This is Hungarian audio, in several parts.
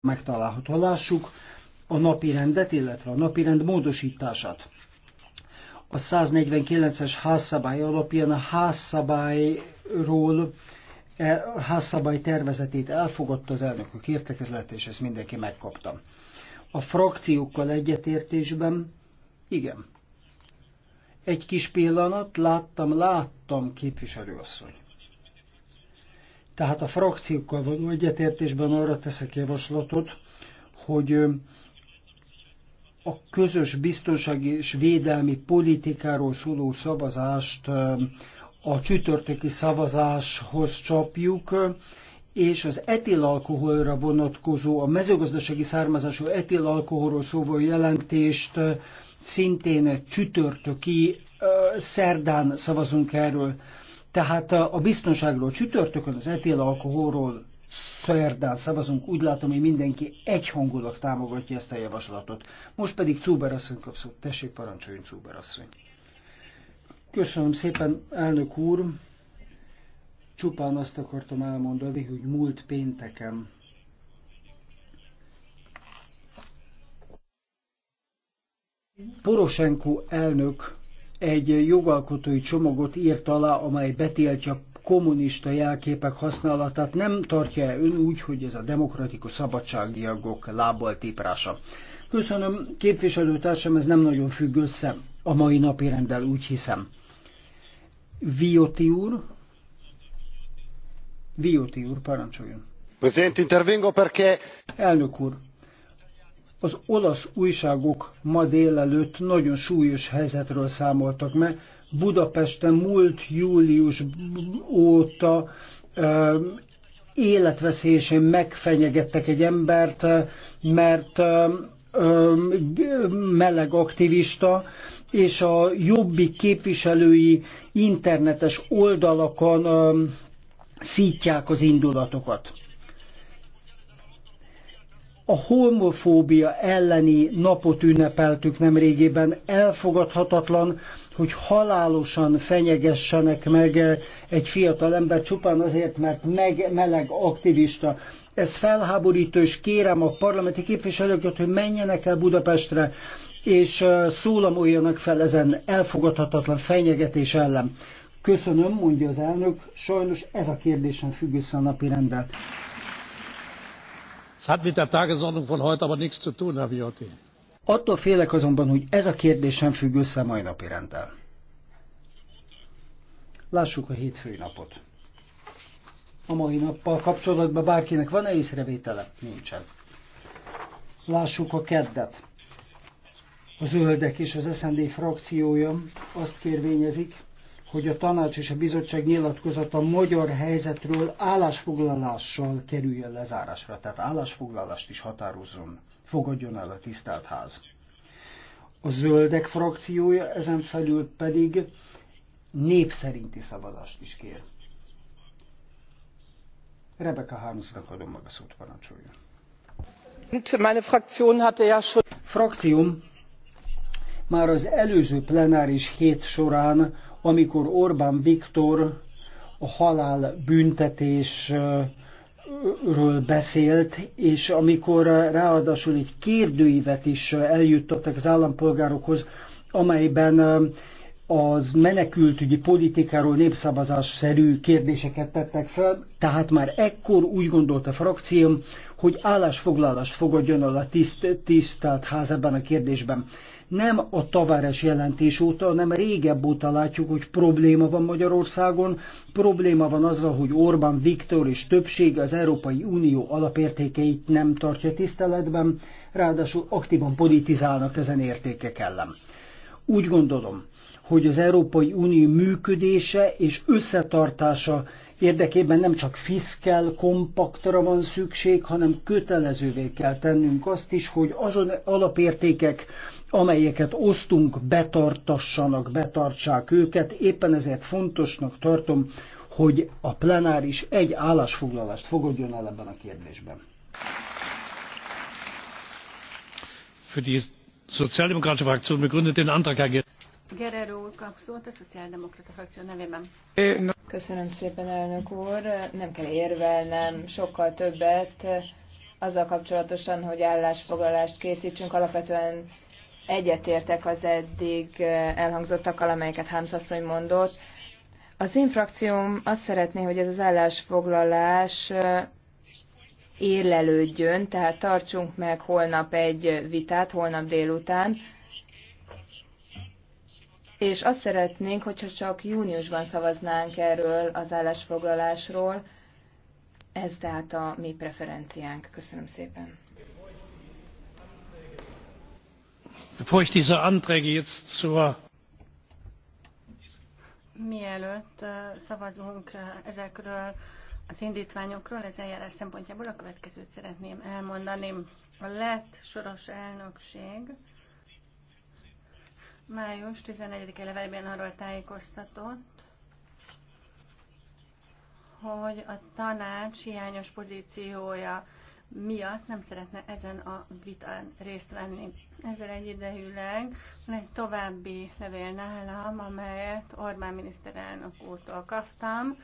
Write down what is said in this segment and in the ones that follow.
megtalálható. Lássuk a napi rendet, illetve a napi rend módosítását. A 149-es házszabály alapján a házszabályról e, a házszabály tervezetét elfogadta az elnökök értekezlet, és ezt mindenki megkapta. A frakciókkal egyetértésben, igen. Egy kis pillanat, láttam, láttam, képviselőasszony. Tehát a frakciókkal való egyetértésben arra teszek javaslatot, hogy a közös biztonsági és védelmi politikáról szóló szavazást a csütörtöki szavazáshoz csapjuk, és az etilalkoholra vonatkozó, a mezőgazdasági származású etilalkoholról szóló jelentést szintén csütörtöki szerdán szavazunk erről. Tehát a biztonságról csütörtökön, az etélalkoholról szerdán szavazunk, úgy látom, hogy mindenki egyhangulag támogatja ezt a javaslatot. Most pedig Cúber asszony kapszott. Tessék, parancsoljon Cúber asszony. Köszönöm szépen, elnök úr. Csupán azt akartam elmondani, hogy múlt pénteken Poroshenko elnök egy jogalkotói csomagot írt alá, amely betiltja kommunista jelképek használatát, nem tartja -e ön úgy, hogy ez a demokratikus szabadságjogok lábbal típrása? Köszönöm, képviselőtársam, ez nem nagyon függ össze a mai napi rendel, úgy hiszem. Vioti úr? Vioti úr, parancsoljon. Presidente, intervengo perché... Elnök úr, az olasz újságok ma délelőtt nagyon súlyos helyzetről számoltak meg. Budapesten múlt július óta életveszélyesen megfenyegettek egy embert, mert meleg aktivista, és a jobbik képviselői internetes oldalakon szítják az indulatokat a homofóbia elleni napot ünnepeltük nemrégében. Elfogadhatatlan, hogy halálosan fenyegessenek meg egy fiatal ember csupán azért, mert meg meleg aktivista. Ez felháborító, és kérem a parlamenti képviselőket, hogy menjenek el Budapestre, és szólamoljanak fel ezen elfogadhatatlan fenyegetés ellen. Köszönöm, mondja az elnök, sajnos ez a kérdésen függ össze a napi rendel das hat mit der tagesordnung von heute aber nichts zu tun herr viotti. attól félek azonban hogy ez a kérdés sem függ össze mai napi rendel. lássuk a hétfői napot. A mai nappal kapcsolatban bárkinek van-e észrevétele? Nincsen. Lássuk a keddet. A zöldek és az SND frakciója azt kérvényezik, hogy a tanács és a bizottság nyilatkozata a magyar helyzetről állásfoglalással kerüljön lezárásra, tehát állásfoglalást is határozzon, fogadjon el a tisztelt ház. A zöldek frakciója ezen felül pedig népszerinti szavazást is kér. Rebecca Harmsnak adom meg a szót, parancsoljon. Meine Fraktion hatte ja schon... Frakcióm már az előző plenáris hét során amikor Orbán Viktor a halál büntetésről beszélt, és amikor ráadásul egy kérdőívet is eljuttattak az állampolgárokhoz, amelyben az menekültügyi politikáról szerű kérdéseket tettek fel, tehát már ekkor úgy gondolt a frakcióm, hogy állásfoglalást fogadjon el a tisztelt ház ebben a kérdésben. Nem a Tavares jelentés óta, hanem régebb óta látjuk, hogy probléma van Magyarországon, probléma van azzal, hogy Orbán Viktor és többség az Európai Unió alapértékeit nem tartja tiszteletben, ráadásul aktívan politizálnak ezen értékek ellen. Úgy gondolom, hogy az Európai Unió működése és összetartása érdekében nem csak fiszkel kompaktra van szükség, hanem kötelezővé kell tennünk azt is, hogy azon alapértékek, amelyeket osztunk, betartassanak, betartsák őket. Éppen ezért fontosnak tartom, hogy a plenáris egy állásfoglalást fogadjon el ebben a kérdésben. Für die Sozialdemokratische Fraktion begründet den Antrag, Herr Guerrero úr kap szót a Szociáldemokrata frakció nevében. Köszönöm szépen, elnök úr. Nem kell érvelnem sokkal többet azzal kapcsolatosan, hogy állásfoglalást készítsünk. Alapvetően egyetértek az eddig elhangzottakkal, amelyeket Hámszasszony mondott. Az én frakcióm azt szeretné, hogy ez az állásfoglalás érlelődjön, tehát tartsunk meg holnap egy vitát, holnap délután, és azt szeretnénk, hogyha csak júniusban szavaznánk erről az állásfoglalásról. Ez tehát a mi preferenciánk. Köszönöm szépen. Bevor ich diese Anträge jetzt zur Mielőtt uh, szavazunk uh, ezekről az indítványokról, ez eljárás szempontjából a következőt szeretném elmondani. A lett soros elnökség Május 11-e levelében arról tájékoztatott, hogy a tanács hiányos pozíciója miatt nem szeretne ezen a vitán részt venni. Ezzel egyidejűleg van egy további levél nálam, amelyet Orbán miniszterelnök úrtól kaptam,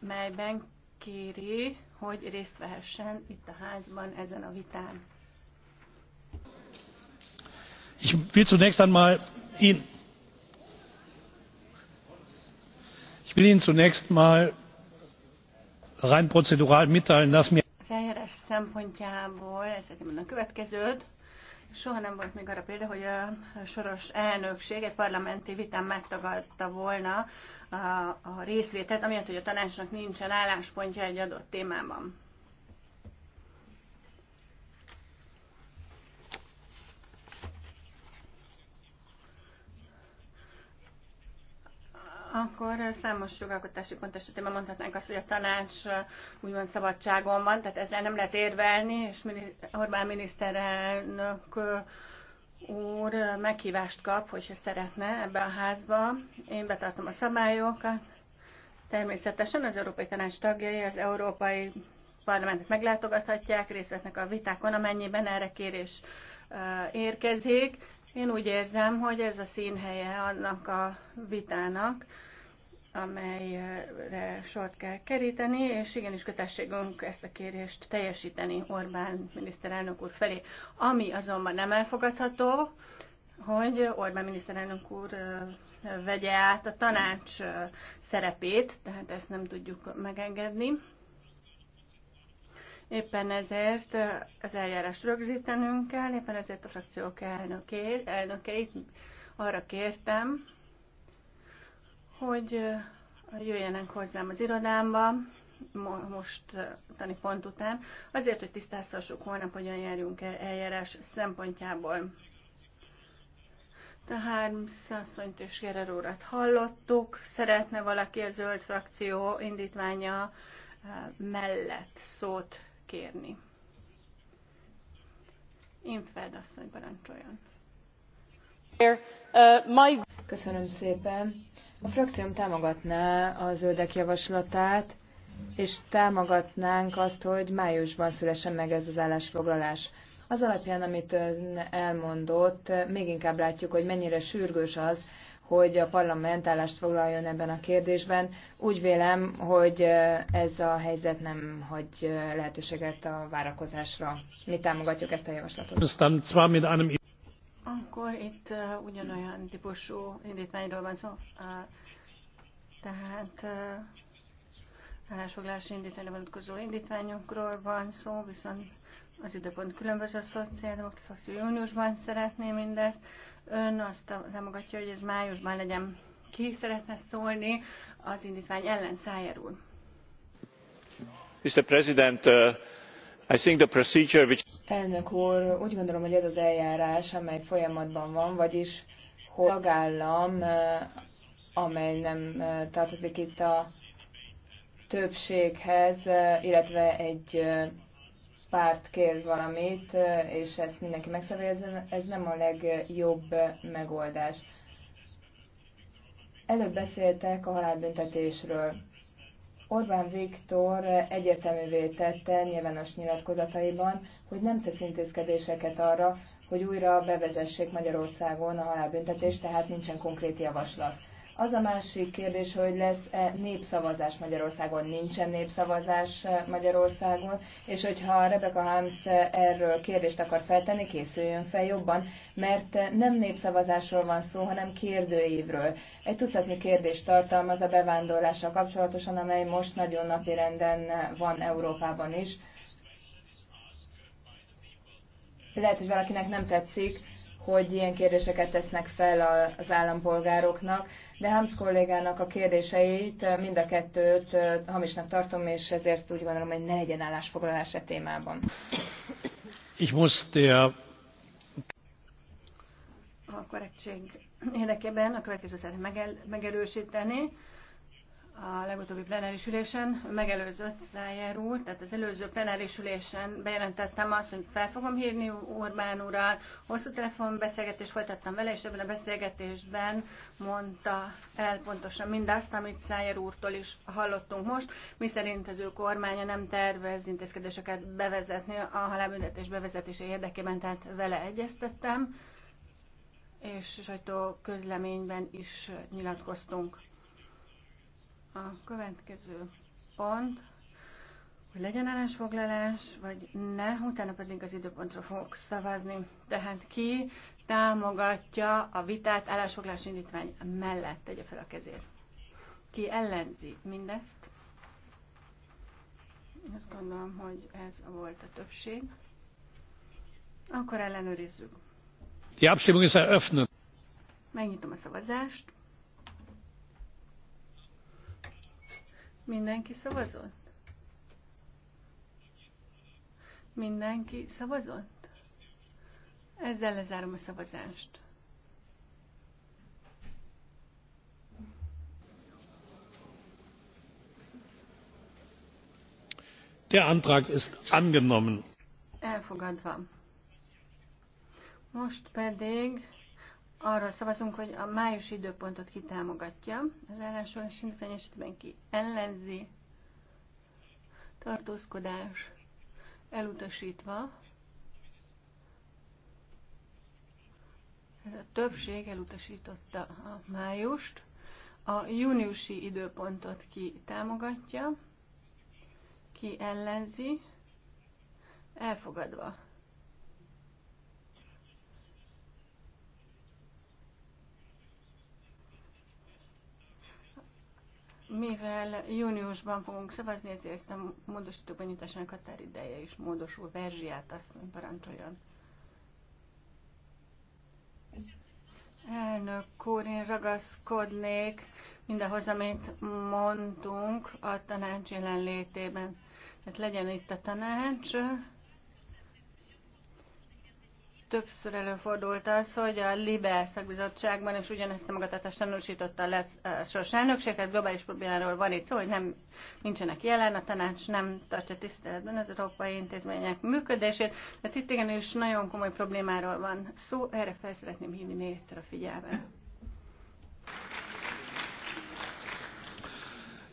amelyben kéri, hogy részt vehessen itt a házban ezen a vitán ich will zunächst einmal rein prozedural mitteilen dass mir. az eljárás szempontjából szeretném a következőt. Soha nem volt még arra példa, hogy a soros elnökség egy parlamenti vitán megtagadta volna a, a részvételt, amiatt, hogy a tanácsnak nincsen álláspontja egy adott témában. akkor számos jogalkotási pont esetében mondhatnánk azt, hogy a tanács úgymond szabadságon van, tehát ezzel nem lehet érvelni, és Orbán miniszterelnök úr meghívást kap, hogyha szeretne ebbe a házba. Én betartom a szabályokat. Természetesen az Európai Tanács tagjai az Európai Parlamentet meglátogathatják, részt vesznek a vitákon, amennyiben erre kérés érkezik. Én úgy érzem, hogy ez a színhelye annak a vitának, amelyre sort kell keríteni, és igenis kötességünk ezt a kérést teljesíteni Orbán miniszterelnök úr felé. Ami azonban nem elfogadható, hogy Orbán miniszterelnök úr vegye át a tanács szerepét, tehát ezt nem tudjuk megengedni. Éppen ezért az eljárás rögzítenünk kell, éppen ezért a frakciók elnökeit arra kértem, hogy jöjjenek hozzám az irodámba, most tani pont után, azért, hogy tisztázhassuk holnap, hogyan járjunk el eljárás szempontjából. Tehát Szasszonyt és Gerer hallottuk. Szeretne valaki a zöld frakció indítványa mellett szót kérni? Infeld asszony parancsoljon. Köszönöm szépen. A frakcióm támogatná a zöldek javaslatát, és támogatnánk azt, hogy májusban szülessen meg ez az állásfoglalás. Az alapján, amit ön elmondott, még inkább látjuk, hogy mennyire sürgős az, hogy a parlament állást foglaljon ebben a kérdésben. Úgy vélem, hogy ez a helyzet nem hagy lehetőséget a várakozásra. Mi támogatjuk ezt a javaslatot. Akkor itt uh, ugyanolyan típusú indítványról van szó. Uh, tehát uh, állásfoglalási indítványra vonatkozó indítványokról van szó, viszont az időpont különböző a szociáldemokració júniusban szeretné mindezt. Ön azt támogatja, hogy ez májusban legyen. Ki szeretne szólni az indítvány ellen, szájáról? Mr. President, uh... Elnök úr, úgy gondolom, hogy ez az eljárás, amely folyamatban van, vagyis hogy tagállam, eh, amely nem eh, tartozik itt a többséghez, eh, illetve egy párt kér valamit, és ezt mindenki megszavazza, ez, ez nem a legjobb megoldás. Előbb beszéltek a halálbüntetésről. Orbán Viktor egyértelművé tette nyilvános nyilatkozataiban, hogy nem tesz intézkedéseket arra, hogy újra bevezessék Magyarországon a halálbüntetést, tehát nincsen konkrét javaslat. Az a másik kérdés, hogy lesz-e népszavazás Magyarországon. Nincsen népszavazás eh, Magyarországon, és hogyha Rebecca Hans eh, erről kérdést akar feltenni, készüljön fel jobban, mert eh, nem népszavazásról van szó, hanem kérdőívről. Egy tucatnyi kérdést tartalmaz a bevándorlással kapcsolatosan, amely most nagyon napirenden van Európában is. Lehet, hogy valakinek nem tetszik, hogy ilyen kérdéseket tesznek fel az állampolgároknak, de Hams kollégának a kérdéseit eh, mind a kettőt eh, hamisnak tartom, és ezért úgy gondolom, hogy ne legyen állásfoglalás e témában. Ich muss der a korrektség érdekében a következő szeretném megel, megerősíteni a legutóbbi plenáris ülésen megelőzött Szájer úr, tehát az előző plenáris ülésen bejelentettem azt, hogy fel fogom hívni Orbán urat, hosszú telefonbeszélgetést folytattam vele, és ebben a beszélgetésben mondta el pontosan mindazt, amit Szájer úrtól is hallottunk most, miszerint az ő kormánya nem tervez intézkedéseket bevezetni a halálbüntetés bevezetése érdekében, tehát vele egyeztettem, és sajtó közleményben is nyilatkoztunk a következő pont, hogy legyen állásfoglalás, vagy ne, utána pedig az időpontra fogok szavazni. Tehát ki támogatja a vitát állásfoglalás indítvány mellett, tegye fel a kezét. Ki ellenzi mindezt? Azt gondolom, hogy ez volt a többség. Akkor ellenőrizzük. Die Abstimmung ist eröffnet. Megnyitom a szavazást. Mindenki szavazott? Mindenki szavazott? Ezzel lezárom a szavazást. Der Antrag ist angenommen. Elfogadva. Most pedig arról szavazunk, hogy a májusi időpontot kitámogatja, az ellensúlyos indítvány esetben ki ellenzi, tartózkodás elutasítva, Ez a többség elutasította a májust, a júniusi időpontot ki támogatja, ki ellenzi, elfogadva. mivel júniusban fogunk szavazni, ezért a módosítók benyújtásának határideje is módosul. Verzsiát asszony parancsoljon. Elnök úr, én ragaszkodnék mindahhoz, amit mondtunk a tanács jelenlétében. Tehát legyen itt a tanács, Többször előfordult az, hogy a Libe szakbizottságban is ugyanezt a magatartást tanúsította a LEC soros elnökség, tehát globális problémáról van itt szó, hogy nem, nincsenek jelen, a tanács nem tartja tiszteletben az európai intézmények működését, de itt igenis nagyon komoly problémáról van szó, erre fel szeretném hívni még egyszer a figyelmet.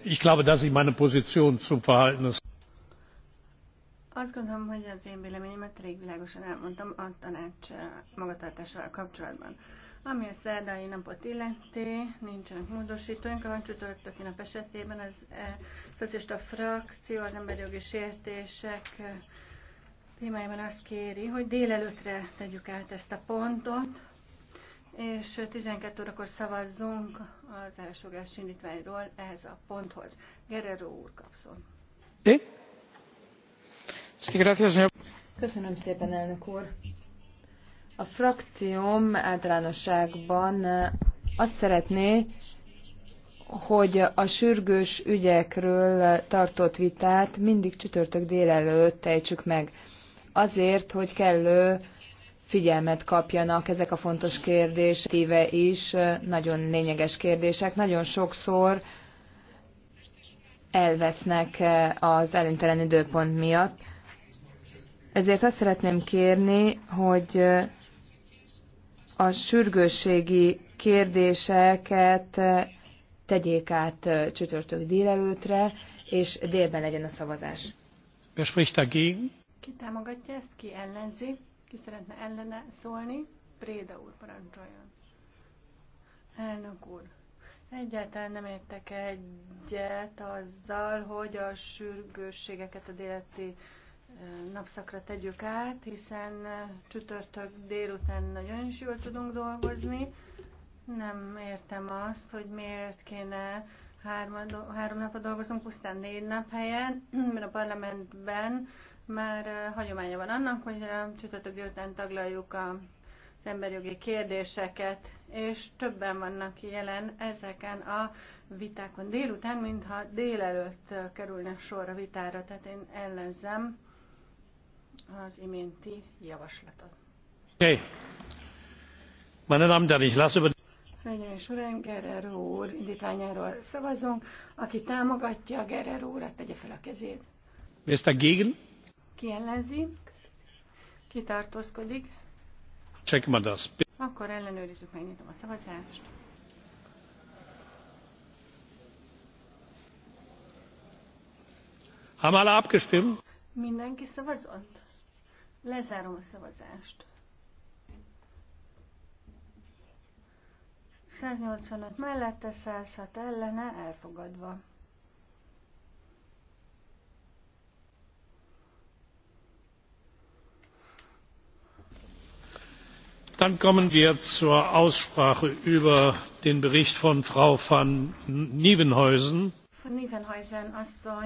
Ich glaube, dass ich meine Position zum Verhalten des azt gondolom, hogy az én véleményemet elég világosan elmondtam a tanács eh, magatartásával kapcsolatban. Ami a szerdai napot illeti, nincsenek módosítóink, a csütörtöki nap esetében az e, szocialista frakció az emberi jogi sértések eh, témájában azt kéri, hogy délelőtre tegyük át ezt a pontot, és 12 órakor szavazzunk az elsőgás indítványról ehhez a ponthoz. Gerero úr kapszon. É? Köszönöm szépen, elnök úr. A frakcióm általánosságban eh, azt szeretné, hogy a sürgős ügyekről eh, tartott vitát mindig csütörtök délelőtt tejtsük meg. Azért, hogy kellő figyelmet kapjanak ezek a fontos kérdések, tíve is eh, nagyon lényeges kérdések. Nagyon sokszor elvesznek az előnytelen időpont miatt ezért azt szeretném kérni, hogy a sürgősségi kérdéseket tegyék át csütörtök délelőtre, és délben legyen a szavazás. Ki támogatja ezt, ki ellenzi, ki szeretne ellene szólni? Préda úr parancsoljon. Elnök úr, egyáltalán nem értek egyet azzal, hogy a sürgősségeket a déleti napszakra tegyük át, hiszen csütörtök délután nagyon is jól tudunk dolgozni. Nem értem azt, hogy miért kéne három, három napot dolgozunk, pusztán négy nap helyen, mert a parlamentben már hagyománya van annak, hogy csütörtök délután taglaljuk a az emberjogi kérdéseket, és többen vannak jelen ezeken a vitákon délután, mintha délelőtt kerülne sor a vitára, tehát én ellenzem az iménti javaslatot. Okay. Meine Damen und Herren, ich lasse über Hölgyeim és Uraim, Gerrer úr indítványáról szavazunk. Aki támogatja, Gerrer úrat tegye fel a kezét. Wer ist dagegen? Ki ellenzi? Ki tartózkodik? Check mal das. Akkor ellenőrizzük, megnyitom a szavazást. Haben alle abgestimmt? Mindenki szavazott? Lezárom a szavazást. 185 mellette, 106 ellene, elfogadva. Dann kommen wir zur Aussprache über den Bericht von Frau van Nievenhuizen. Van Nievenhuizen, also.